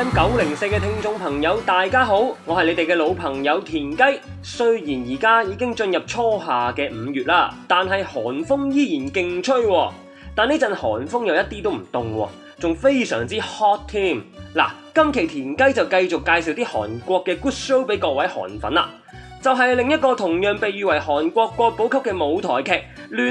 M 九零四嘅聽眾朋友，大家好，我係你哋嘅老朋友田雞。雖然而家已經進入初夏嘅五月啦，但係寒風依然勁吹。但呢陣寒風又一啲都唔凍，仲非常之 hot 添。嗱、啊，今期田雞就繼續介紹啲韓國嘅 good show 俾各位韓粉啦。就係、是、另一個同樣被譽為韓國國寶級嘅舞台劇《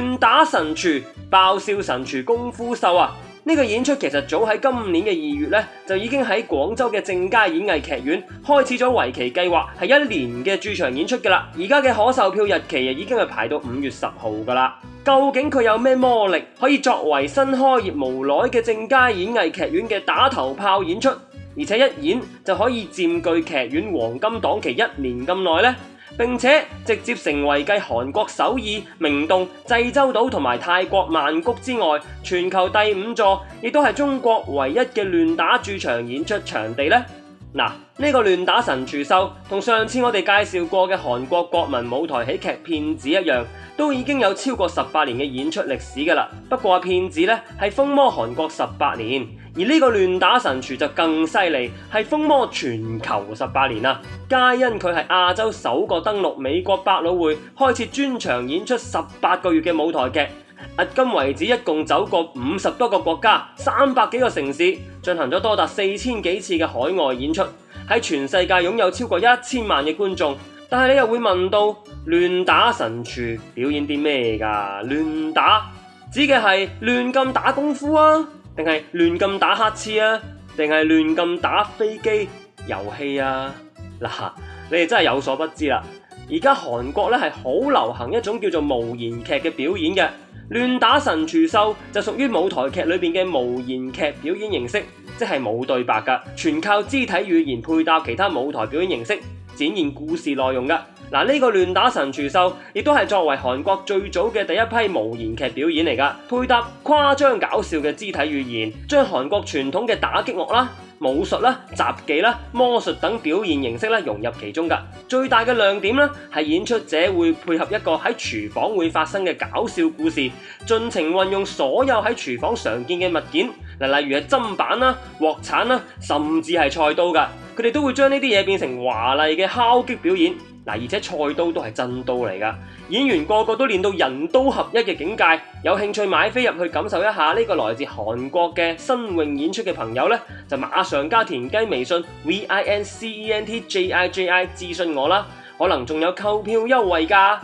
亂打神廚》、《爆笑神廚》、《功夫秀》啊！呢個演出其實早喺今年嘅二月咧就已經喺廣州嘅正佳演藝劇院開始咗為期計劃係一年嘅駐場演出噶啦，而家嘅可售票日期啊已經係排到五月十號噶啦。究竟佢有咩魔力可以作為新開業冇耐嘅正佳演藝劇院嘅打頭炮演出，而且一演就可以佔據劇院黃金檔期一年咁耐呢？並且直接成為繼韓國首爾、明洞、濟州島同埋泰國曼谷之外，全球第五座，亦都係中國唯一嘅亂打駐場演出場地呢。嗱，呢個亂打神廚秀同上次我哋介紹過嘅韓國國民舞台喜劇騙子一樣，都已經有超過十八年嘅演出歷史噶啦。不過騙子咧係風靡韓國十八年，而呢個亂打神廚就更犀利，係風靡全球十八年啦！皆因佢係亞洲首個登陸美國百老匯，開設專場演出十八個月嘅舞台劇。迄今為止，一共走過五十多個國家、三百幾個城市，進行咗多達四千幾次嘅海外演出，喺全世界擁有超過一千萬嘅觀眾。但係你又會問到，亂打神廚表演啲咩㗎？亂打指嘅係亂咁打功夫啊，定係亂咁打黑翅啊，定係亂咁打飛機遊戲啊？嗱、啊，你哋真係有所不知啦。而家韓國咧係好流行一種叫做無言劇嘅表演嘅，亂打神廚秀就屬於舞台劇裏邊嘅無言劇表演形式，即係冇對白㗎，全靠肢體語言配搭其他舞台表演形式，展現故事內容㗎。嗱、這個，呢個亂打神廚秀亦都係作為韓國最早嘅第一批無言劇表演嚟㗎，配搭誇張搞笑嘅肢體語言，將韓國傳統嘅打擊樂啦。武術啦、雜技啦、魔術等表現形式融入其中噶，最大嘅亮點咧係演出者會配合一個喺廚房會發生嘅搞笑故事，盡情運用所有喺廚房常見嘅物件，嗱、例如砧板啦、鑊鏟啦，甚至係菜刀噶，佢哋都會將呢啲嘢變成華麗嘅敲擊表演。而且菜刀都係真刀嚟㗎，演員個個都練到人刀合一嘅境界。有興趣買飛入去感受一下呢個來自韓國嘅新穎演出嘅朋友呢，就馬上加田雞微信 v i n c e n t j i j i 諮詢我啦，可能仲有購票優惠㗎。